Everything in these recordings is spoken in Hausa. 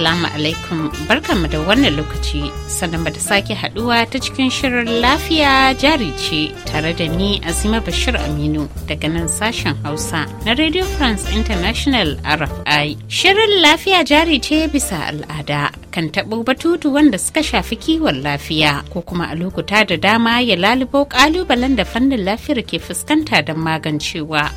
Assalamu alaikum barkanmu da wannan lokaci sannan da sake haduwa ta cikin shirin lafiya jari ce tare da ni Azima Bashir Aminu daga nan sashen Hausa na Radio France International RFI. Shirin lafiya jari ce bisa al'ada kan taɓo batutu wanda suka shafi kiwon lafiya ko kuma a lokuta da dama ya lalubo ƙalubalen da fannin lafiyar ke fuskanta don magancewa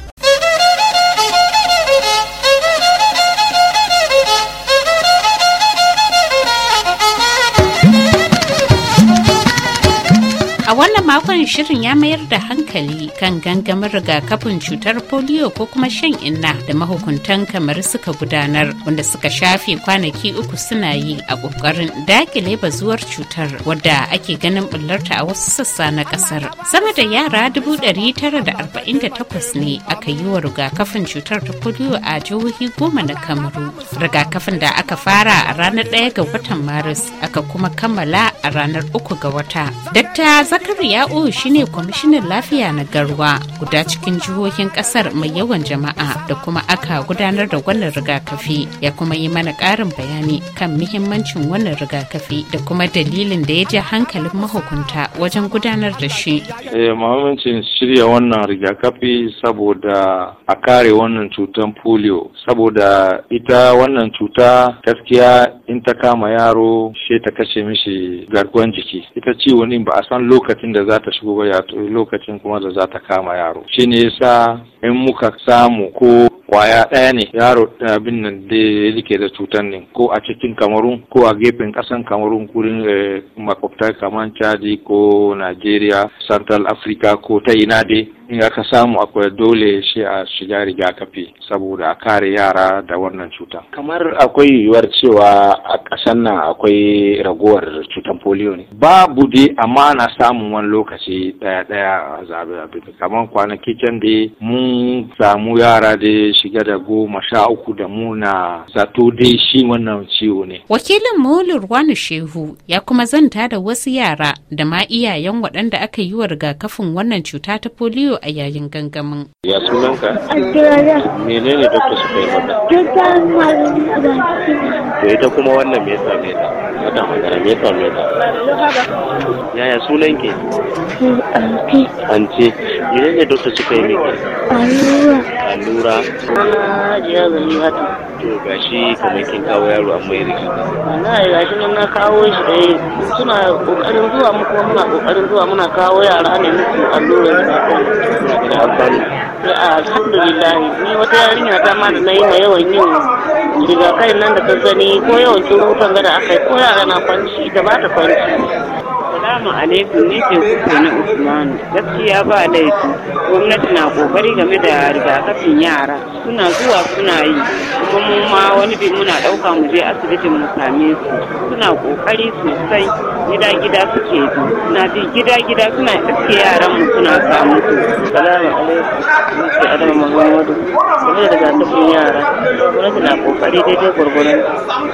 makon shirin ya mayar da hankali kan gangamin rigakafin cutar polio ko kuma shan inna da mahukuntan kamar suka gudanar wanda suka shafe kwanaki uku suna yi a kokarin dakile bazuwar cutar wadda ake ganin bullarta a wasu sassa na kasar sama da yara 948 ne aka yi wa rigakafin cutar ta polio a jihohi goma na kamaru rigakafin da aka fara a ranar 1 ga watan maris aka kuma kammala a ranar 3 ga wata dakta zakari ya'u shine kwamishinan lafiya na garwa guda cikin jihohin kasar mai yawan jama'a da kuma aka gudanar da wannan rigakafi ya kuma yi mana karin bayani kan muhimmancin wannan rigakafi da kuma dalilin da ya ja hankalin mahukunta wajen gudanar da shi. Eh, muhimmancin shirya wannan rigakafi saboda a kare wannan cutan polio saboda ita wannan cuta gaskiya in ta kama yaro she ta kashe mishi garkuwan jiki ita ciwo ne ba a san lokacin da za ta shigo ba lokacin kuma da za ta kama yaro shi ne yasa in muka samu ko kwaya ɗaya ne yaro abin nan da yake da cutar ne ko a cikin kamarun ko a gefen ƙasan kamarun kurin eh, makwabta kamar chadi ko nigeria central africa ko ta ina dai in aka samu akwai dole shi a shiga rigakafi saboda a kare yara da wannan cuta kamar akwai yiwuwar cewa a ƙasar nan akwai ragowar cutar polio ne babu dai amma na samun wani lokaci ɗaya ɗaya a zaɓe abin kamar kwanaki can dai mun samu yara da shiga da goma sha uku da muna zato dai shi wannan ciwo ne wakilin maulur wani shehu ya kuma zanta da wasu yara da ma iyayen waɗanda aka yi wa rigakafin wannan cuta ta polio a yayin gangamin. Ya sunanka? ne dokta suka yi mata? Dokta Malam To ita kuma wannan me ya ta? watan magana me yasa me yaya sunan ke Anti mene ne dokta suka yi miki allura allura zan yi hatu to gashi kamar kin kawo yaro an mai riki wallahi gashi nan na kawo shi dai eh, suna kokarin zuwa mu kuma muna kokarin zuwa muna kawo yara ne muku allura da alhamdulillah ni wata yarinya ta ma da na yi yawan yin rigakafin nan da ka zane ko yawan curutan gada aka yi ko yara na kwanci da ba ta kwanci Assalamu alaikum ni ce kuke na Usmanu. Gaskiya ba laifi. Gwamnati na kokari game da rigakafin yara. Suna zuwa suna yi. Kuma mu ma wani bi muna ɗauka mu je asibitin mu same su. Suna kokari sosai. Gida gida suke bi. Na bi gida gida suna iske yaran mu suna samu su. Assalamu alaikum. Ni ce Adamu Muhammadu. Game da rigakafin yara. Gwamnati na kokari daidai gwargwaron.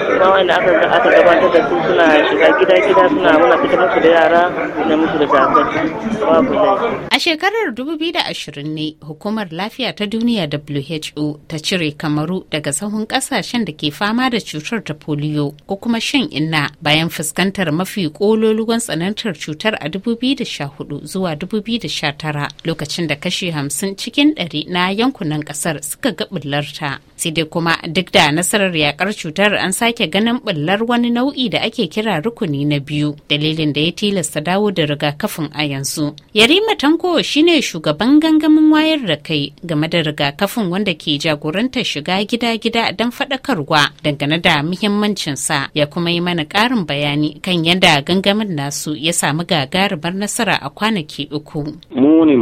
Kuma wanda aka aka gabatar da su suna shiga gida gida suna muna fitar su da yara da musu babu A shekarar 2020 ne hukumar lafiya ta duniya WHO ta cire kamaru daga sahun kasashen da ke fama da cutar ta polio ko kuma shan inna bayan fuskantar mafi kololuwan tsanantar cutar a 2014 zuwa 2019 lokacin da kashi hamsin cikin 100 na yankunan kasar suka ga bullarta. Sai dai kuma duk da nasarar yakar cutar an sake ganin bullar wani nau'i da ake kira rukuni na biyu dalilin da ya tilasta dawo da rigakafin a yanzu. Yarima Tanko shine shugaban gangamin wayar da kai game da rigakafin wanda ke jagorantar shiga gida-gida don faɗakarwa dangane da muhimmancinsa ya kuma yi mana ƙarin bayani kan yadda gangamin nasu ya samu gagarumar nasara a kwanaki uku. Mu ne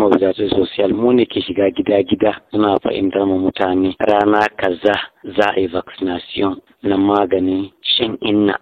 sosiyal mu ne ke shiga gida-gida suna fahimtar mu mutane rana kaza za a yi vaccination na maganin shan inna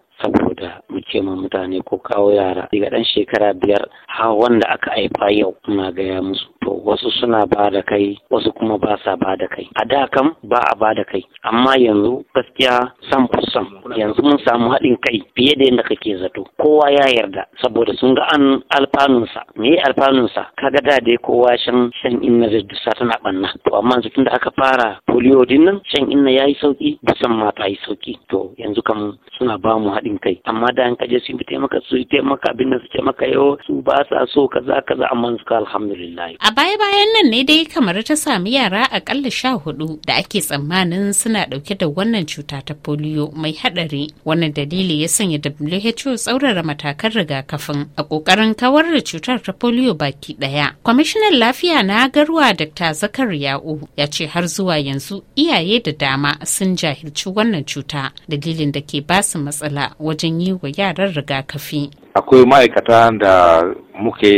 da mu ce ma mutane ko kawo yara daga ɗan shekara biyar har wanda aka haifa yau muna gaya musu to wasu suna ba da kai wasu kuma ba sa ba da kai a da kam ba a ba da kai amma yanzu gaskiya san fusan yanzu mun samu haɗin kai fiye da yadda kake zato kowa ya yarda saboda sun ga an alfanunsa me ya alfanunsa kaga da dai kowa shan shan inna da dusa tana banna to amma yanzu tunda aka fara polio din nan shan inna yi sauki dusan ma ta yi sauki to yanzu kam suna ba mu haɗin kai amma da an kaje su yi taimaka su yi taimaka abin da su maka yau su ba sa so kaza kaza amma su ka alhamdulillah baya-bayan nan ne dai kamar ta sami yara akalla sha hudu da ake tsammanin suna dauke da wannan cuta ta polio mai hadari. Wannan dalili ya sanya WHO tsaurara matakan rigakafin a kokarin kawar da cutar ta polio baki daya. Kwamishinan lafiya na garuwa Dr. Zakar Ya'u ya ce har zuwa yanzu iyaye da dama sun jahilci wannan cuta dalilin da ke basu matsala wajen yi wa yaran rigakafi. akwai ma'aikata da muke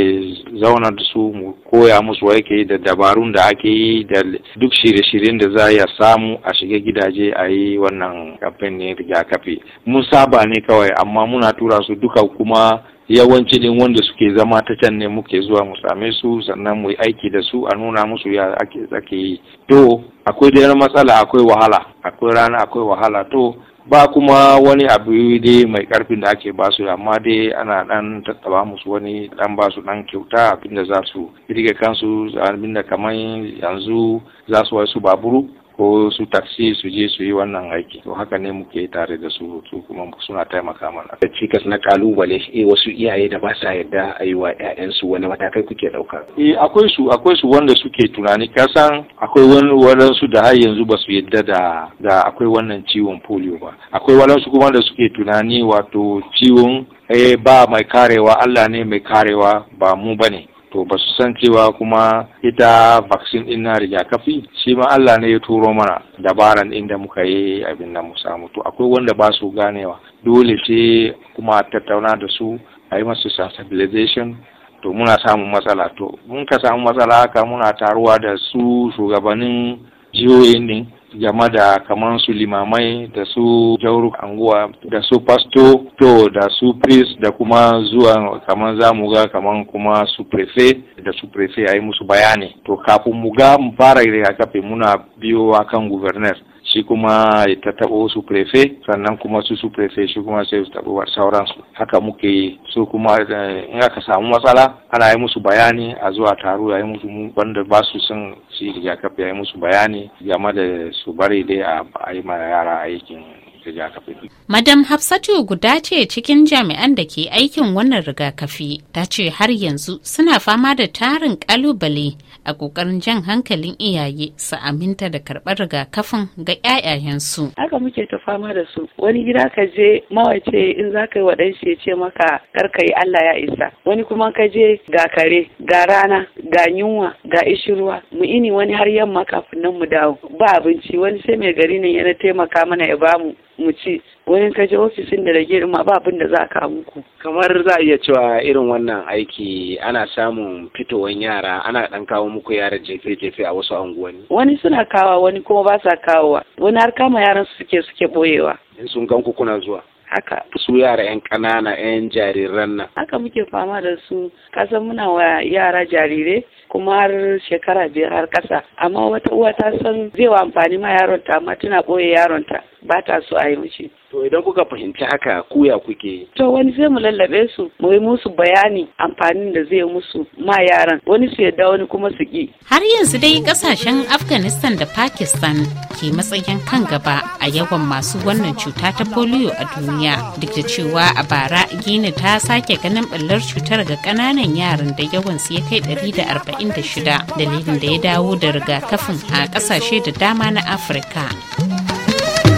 zauna da su mu koya musu wake da dabarun da ake yi da duk shirye-shiryen da za ya samu a shiga gidaje a yi wannan kamfen ne rigakafi mun saba ne kawai amma muna tura su duka kuma yawanci din wanda suke zama ta can ne muke zuwa mu same su sannan mu yi aiki da su a nuna musu ya ake yi to akwai da matsala akwai wahala akwai rana akwai wahala to ba kuma wani abu dai mai karfin da ake basu amma dai ana dan tattaba musu wani dan basu dan kyauta abinda za su rike kansu abinda kamar yanzu za su wasu baburu ko su taxi su je su yi wannan aiki to haka ne muke tare da su su kuma suna taimaka mana da cikas na kalubale eh wasu iyaye da ba sa yarda a yi wa ƴaƴansu wani matakai kuke ɗauka eh akwai su akwai su wanda suke tunani kasan akwai wani su da har yanzu ba su yarda da da akwai wannan ciwon polio ba akwai su kuma da suke tunani wato ciwon eh ba mai karewa Allah ne mai karewa ba mu bane to ba su san cewa kuma ita vaccine din na rigakafi shi ma Allah ne ya turo mana dabaran inda muka yi abin nan mu samu to akwai wanda ba su ganewa dole ce kuma tattauna da su a yi masu sensibilization to muna samun matsala to mun ka samu matsala haka muna taruwa da su shugabannin jihohin din game da kamar su limamai da su jauru anguwa da su pasto to da su priest da kuma zuwa kamar za mu ga kamar kuma su prefe da su prefe a musu bayani to kafin mu ga mu fara rigakafi muna biyo akan governors shi kuma ya ta taɓo su prefe sannan kuma su su prefe shi kuma sai su taɓo sauransu haka muke yi su kuma eh, in aka samu matsala ana yi musu bayani a zuwa taro ya yi musu wanda ba su son shi rigakafi ya yi musu bayani game da su bari dai a yi ma yara aikin ta rigakafi. Madam Hafsatu guda ce cikin jami'an da ke aikin wannan rigakafi ta ce har yanzu suna fama da tarin kalubale a kokarin jan hankalin iyaye su aminta da karɓar rigakafin ga ƴaƴayensu. Haka muke ta fama da su wani gida ka je mawace in za ka yi waɗan shi ce maka kar ka yi Allah ya isa wani kuma ka je ga kare ga rana ga yunwa ga ishirwa mu ini wani har yamma kafin nan mu dawo ba abinci wani sai mai gari ne yana taimaka mana ya bamu mu ci wani ka je ofisin da rage ma ba abin da za ka muku kamar za a iya cewa irin wannan aiki ana samun fitowan yara ana dan kawo muku yaran jefe-jefe a wasu unguwanni. wani suna kawa wani kuma ba sa kawowa wani har kama yaran su suke suke boyewa in sun gan ku kuna zuwa haka su yara yan ƙanana yan jariran nan haka muke fama da su kasan muna wa yara jarire kuma har shekara biyar har kasa amma wata uwa ta san zai wa amfani ma yaronta amma tana ɓoye yaronta ba ta so a yi mishi. To idan kuka fahimci haka kuya kuke. To wani zai mu lallabe su mu yi musu bayani amfanin da zai musu ma yaran wani su yadda wani kuma su ki. Har yanzu dai kasashen Afghanistan da Pakistan ke matsayin kan gaba a yawan masu wannan cuta ta polio a duniya duk da cewa a bara Gini ta sake ganin ɓallar cutar ga ƙananan yaran da yawan su ya kai ɗari da arba'in 2026 dalilin da ya dawo da rigakafin a kasashe da dama na afirka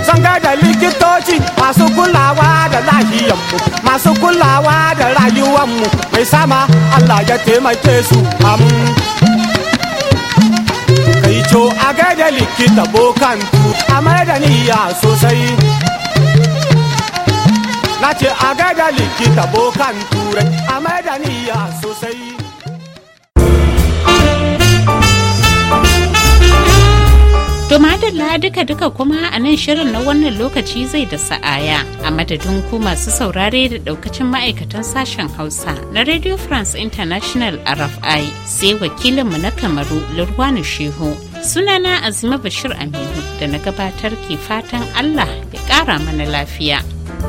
sun da likitoci masu kulawa da lahiyanmu masu kulawa da rayuwanmu mai sama allah ya taimake su am kai co a gaida likita bokan a mai da niyya sosai na ce a gaida likita bokan turai a mai da niyya sosai To madalla duka-duka kuma a nan shirin na wannan lokaci zai da sa'aya a madadin ku masu saurare da daukacin ma'aikatan sashen Hausa na Radio France International RFI sai wakilinmu na Kamaru Lurwani Shehu. Sunana Azima Bashir Aminu da na gabatar ke fatan Allah ya ƙara mana lafiya.